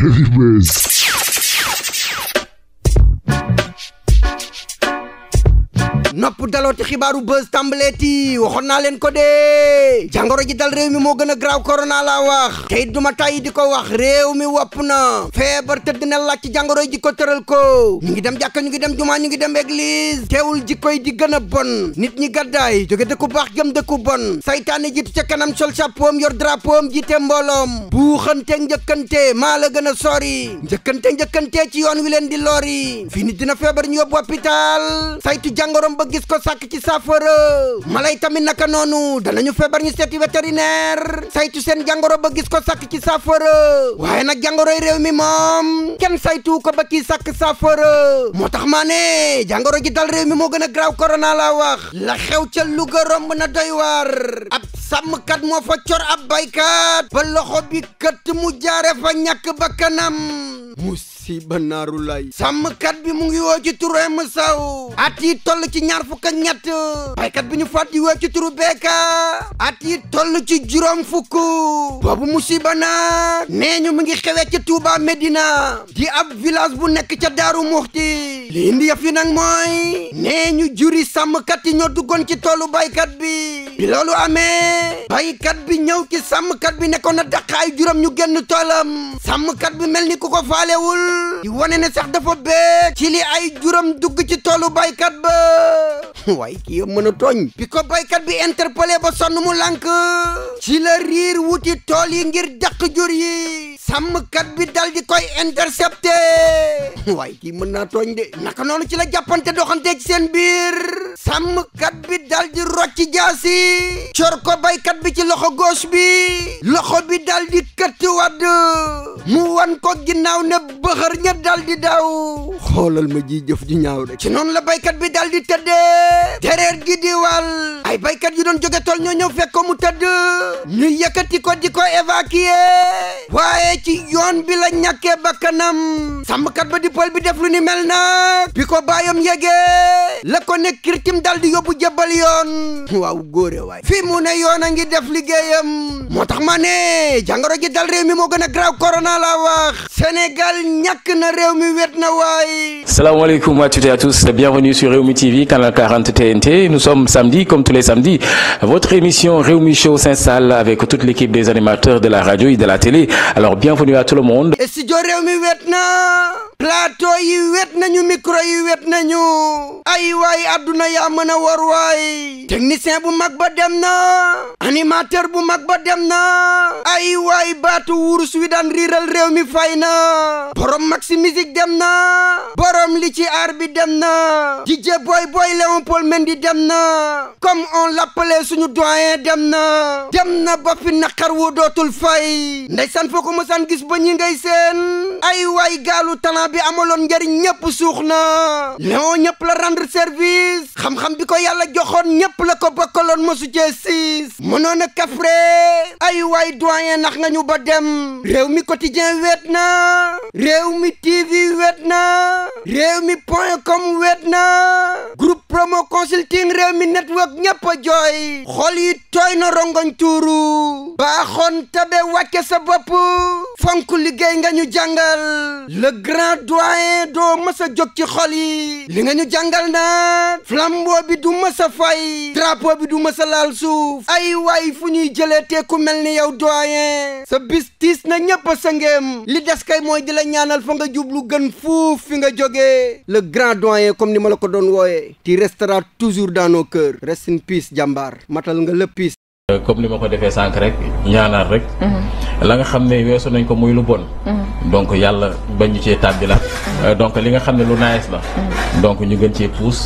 Heavy Bass. nopp dalooti xibaaru buzz tàmbaleeti waxoon naa leen ko dee jàngoro ji dal réew mi moo gën a graaw corona laa wax tey duma tàyyi di ko wax réew mi wopp na feebar tëdd na ci jàngoro ji ko tëral ko ñu ngi dem jàkka ñu ngi dem jumaa ñu ngi dem église teewul jikko yi di gën a bon nit ñi gàddaay jóge dëkku baax jëm dëkku bon saytaane jiitu ca kanam sol chapeau yor drapeau am jiite mbooloom buuxante njëkkante maa la gën a sori njëkkante njëkkante ci yoon wi leen di lori fii nit dina feebar ñu yóbbu hôpital saytu jàngoroom ba gis ko sàkk ci saafara mala yi tamit naka noonu danañu feebar ñu seeti vétérinaire saytu seen jàngoro ba gis ko sàkk ci saafara waaye nag jàngoro yi réew mi moom kenn saytu ko ba ci sàkk saafara moo tax maa ne jàngoro ji dal réew mi moo gën a graaw corona laa wax la xew ca Louga romb na doy waar ab sàmmkat moo fa cor ab baykat ba loxo bi kët mu jaare fa ñàkk bakkanam mus si bannaaru lay sàmmkat bi mu ngi woo ci turu M Sow at toll ci ñaar fukk ak ñett baykat bi ñu fàtt yi woo ci turu Beka at yi toll ci juróom fukk boobu musiba nag nee ñu mu ngi xewee ci Touba Medina di ab village bu nekk ca Daaru Muxti li indi yëf yi nag mooy nee ñu juri sàmmkat yi ñoo duggoon ci toolu baykat bi bi loolu amee baykat bi ñëw ci sàmmkat bi nekkoon na ay juram ñu génn toolam sàmmkat bi mel ni ku ko faalewul di wane ne sax dafa beeg ci li ay juram dugg ci toolu baykat ba waaye kii yow mën a tooñ bi ko baykat bi interpellé ba sonn mu lànk ci la riir wuti tool yi ngir dàq jur sàmmkat bi dal di koy intercepté waaye kii mën naa tooñ de naka noonu ci la jàppante doxante ci seen biir sàmmkat bi dal di rocci jaasi cor baykat bi ci loxo goos bi loxo bi dal di këtt wadd mu wan ko ginnaaw ne bëxër ña dal di daw xoolal ma ji jëf ji ñaaw rek ci noonu la baykat bi dal di tëddee dereer gi di ay baykat yu doon jóge tol ñoo ñëw mu tëdd ñu yëkkati ko di ko évacuer waaye ci yoon bi la ñàkkee bakkanam sàmmkat ba di pël bi def lu ni mel nag bi ko baayam yegee la ko nekk victime dal di yóbbu jébbal yoon waaw góore waay fi mu ne yoon a ngi def liggéeyam moo tax ma ne jàngoro ji dal réew mi moo gën a grave corona la wax Sénégal ñàkk na réew mi wét na waay salaamaaleykum a toutes et a tous bienvenue sur Rewmi TV canal 40 TNT nous sommes samedi comme tous les samedis votre émission Rewmi Show s'installe avec toute l'équipe des animateurs de la radio et de la télé alors bienvenue à tout le monde studio Rewmi wét na plateau yi wét nañu micro yi wét nañu ay waay yaa mën a war waay technicien bu mag ba dem na animateur bu mag ba dem na ay waay baatu wurus wi daan riiral réew mi fay na borom maxi musique dem na borom li ci aar bi dem na DJ boy boy Léon Paul Mendy dem na comme on l'appelait suñu doyen dem na dem na ba fi naqar wu dootul fay ndeysaan foo ko mësaan gis ba ñi ngay seen ay ay gaalu talent bi amaloon njariñ ñëpp suux na léon ñëpp la rendre service xam-xam bi ko yàlla joxoon ñëpp la ko bokkaloon mosu cee siis mënoon a kafre ay waay doyen nax nga ñu ba dem réew mi quotidien weet na réew mi tv weet na réew mi point com weet na promo consulting réew mi network ñëpp a jooy xol yi tooy na rongoñ tuuru baaxoon tabe wàcce sa bopp fonk liggéey nga ñu jàngal le grand doyen doo mës jóg ci xol yi li nga ñu jàngal na flambeau bi du mës a fay drapeau bi du mës a laal suuf ay waay fu ñuy jëlee te ku mel ni yow doyen sa bis tiis na ñëpp a li des kay mooy di la ñaanal fa nga jublu gën fuuf fi nga jóge le grand doyen comme ni ma la ko doon wooye restera toujours dans nos cœurs rest in peace jàmbaar matal nga lépp peace comme li ma ko defee sànq rek ñaanaat rek mhm. la nga xam ne weesu nañ ko muy lu bon mhm. donc yàlla bañ cee tàbbi la mhm. euh, donc li nga xam ne lu naes la donc ñu gën cee puus